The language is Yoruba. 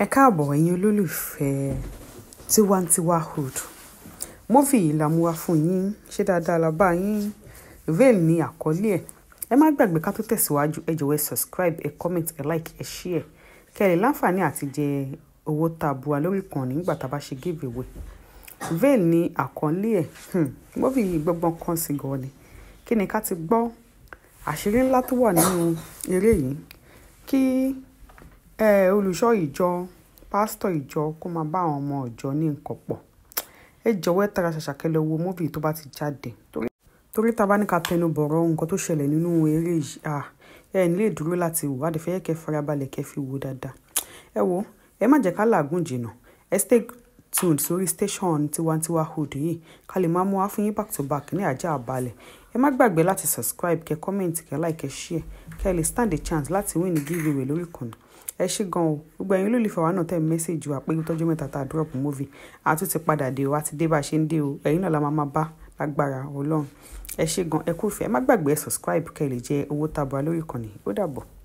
ẹ káàbọ̀ ẹ̀yin olólùfẹ́ tiwantiwa hood múfì yìí la mú wá fún yín ṣé dáadáa la bá yín veil ní àkọlé ẹ̀ ẹ má gbàgbé ká tó tẹ̀síwájú ẹ jọ̀wọ́ ẹ subscribe ẹ comment ẹ like ẹ share kẹ́ lè láǹfààní àti jẹ owó tabua lórí ìkànnì nígbà tá a bá ṣe giveaway veil ní àkọlé ẹ̀ múfì hmm, yìí gbọ́gbọ́n kan sí gan ni kí ni ká ti gbọ́ àṣírí ńlá tó wà nínú eré yìí kí ẹ olùṣọ́ ìjọ pásítọ̀ ìjọ kó máa bá àwọn ọmọ ìjọ ní nǹkan pọ̀ ẹ jọ̀wọ́ ẹ tara ṣàṣàkẹ́ lọ wo móvì tó bá ti jáde torí tá a bá ní ká tẹnu bọ̀rọ̀ nǹkan tó ṣẹlẹ̀ nínú eré ẹ nílé dúró láti wò àdìfẹ́yẹ́ kẹ́ farabalẹ̀ kẹ́ fi wò dáadáa ẹ wo ẹ má jẹ́ ká làágùn jìnnà ẹ stay tuned sórí station tiwantiwa hood yìí ká lè máa mú wá fún yín back to back ní àjà àbálẹ̀ ẹ má gbàgbé láti subscribe kẹ́ comment kẹ́ like kẹ́ share kẹ́ lè stand a chance láti win ní giveaway lórí ìkànnì ẹ ṣé gan o gbogbo ẹ̀yin olólùfẹ́ fàwa náà tẹ mẹsàgì wa pé tọ́jú mẹ́ta tá a drop movie a tún ti padà dé o a ti dé bá a ṣe ń dé o ẹ̀yin náà la máa máa bá lágbára Ọlọ́run ẹ ṣé gan ẹ kúfẹ ẹ má gbàgbé subscribe kẹ́ lè jẹ owó tabua lórí ìkànnì ó dàbọ̀.